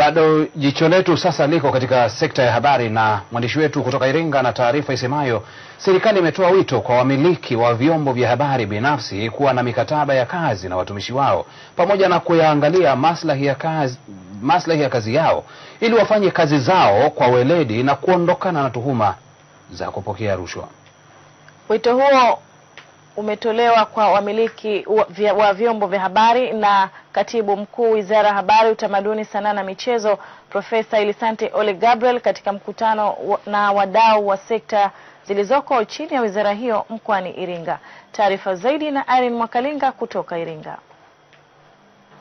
Bado jicho letu sasa liko katika sekta ya habari na mwandishi wetu kutoka Iringa na taarifa isemayo serikali imetoa wito kwa wamiliki wa vyombo vya habari binafsi kuwa na mikataba ya kazi na watumishi wao pamoja na kuyaangalia maslahi ya kazi, maslahi ya kazi yao ili wafanye kazi zao kwa weledi na kuondokana na tuhuma za kupokea rushwa. Wito huo umetolewa kwa wamiliki wa vyombo vya habari na katibu mkuu wizara ya habari, utamaduni, sanaa na michezo, Profesa Elisante Ole Gabriel katika mkutano na wadau wa sekta zilizoko chini ya wizara hiyo mkoani Iringa. Taarifa zaidi na Irene Mwakalinga kutoka Iringa.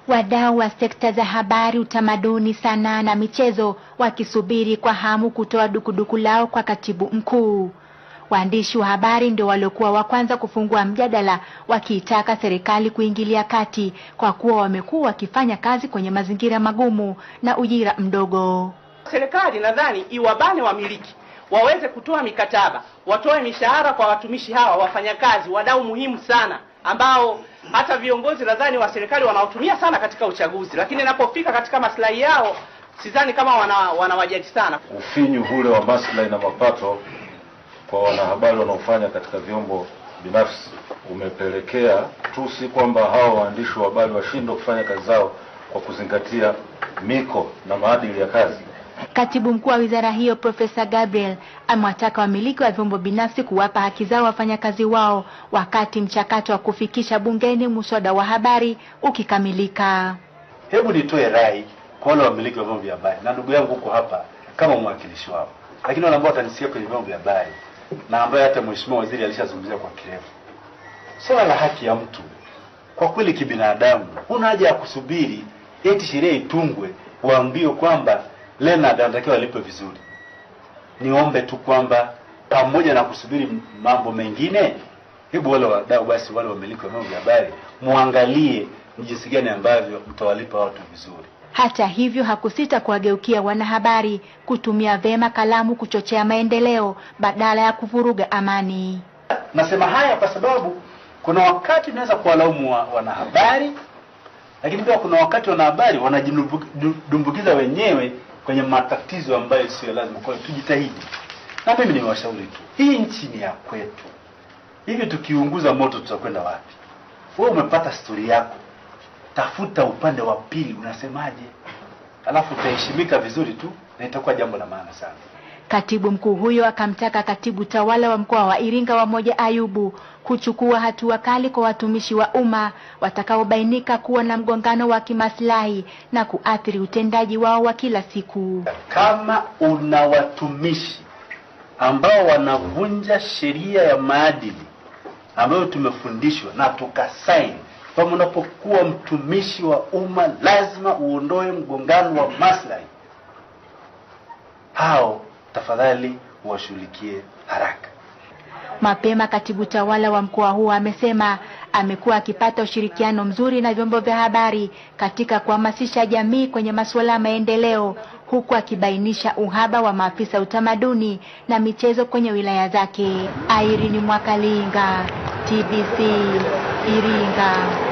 Wadau wa sekta za habari, utamaduni, sanaa na michezo wakisubiri kwa hamu kutoa dukuduku lao kwa katibu mkuu. Waandishi wa habari ndio waliokuwa wa kwanza kufungua mjadala wakiitaka serikali kuingilia kati kwa kuwa wamekuwa wakifanya kazi kwenye mazingira magumu na ujira mdogo. Serikali nadhani iwabane wamiliki waweze kutoa mikataba, watoe mishahara kwa watumishi hawa, wafanyakazi, wadau muhimu sana ambao hata viongozi nadhani wa serikali wanaotumia sana katika uchaguzi, lakini inapofika katika maslahi yao sidhani kama wanawajali wana sana. Ufinyu ule wa maslahi na mapato kwa wanahabari wanaofanya katika vyombo binafsi umepelekea tu si kwamba hawa waandishi wa habari washindwe kufanya kazi zao kwa kuzingatia miko na maadili ya kazi. Katibu mkuu wa wizara hiyo Profesa Gabriel amewataka wamiliki wa vyombo binafsi kuwapa haki zao wafanyakazi wao wakati mchakato wa kufikisha bungeni muswada wa habari ukikamilika. Hebu nitoe rai kwa wale wamiliki wa vyombo vya habari na ndugu yangu huko hapa kama mwakilishi wao, lakini wale ambao watanisikia kwenye vyombo vya habari na ambaye hata mheshimiwa waziri alishazungumzia kwa kirefu. Swala la haki ya mtu kwa kweli, kibinadamu, huna haja ya kusubiri eti sheria itungwe waambiwe kwamba Leonard anatakiwa alipe vizuri. Niombe tu kwamba pamoja na kusubiri mambo mengine, hebu wale wadau basi, wale wamiliki wa vyombo vya habari, muangalie ni jinsi gani ambavyo mtawalipa watu vizuri. Hata hivyo hakusita kuwageukia wanahabari kutumia vema kalamu kuchochea maendeleo badala ya kuvuruga amani. Nasema haya kwa sababu kuna wakati unaweza kuwalaumu wa, wanahabari, lakini pia kuna wakati wanahabari wanajidumbukiza wenyewe kwenye matatizo ambayo sio lazima. Kwa hiyo tujitahidi, na mimi nimewashauri tu, hii nchi ni ya kwetu. Hivi tukiunguza moto tutakwenda wapi? Wewe umepata stori yako tafuta upande wa pili unasemaje, alafu utaheshimika vizuri tu na itakuwa jambo la maana sana. Katibu mkuu huyo akamtaka katibu tawala wa mkoa wa Iringa wa moja Ayubu kuchukua hatua kali kwa watumishi wa umma watakaobainika kuwa na mgongano wa kimaslahi na kuathiri utendaji wao wa kila siku. Kama una watumishi ambao wanavunja sheria ya maadili ambayo tumefundishwa na tukasaini kwamba unapokuwa mtumishi wa umma lazima uondoe mgongano wa maslahi. Hao tafadhali uwashughulikie haraka. Mapema katibu tawala wa mkoa huo amesema amekuwa akipata ushirikiano mzuri na vyombo vya habari katika kuhamasisha jamii kwenye masuala ya maendeleo, huku akibainisha uhaba wa maafisa utamaduni na michezo kwenye wilaya zake. Irene Mwakalinga, TBC Iringa.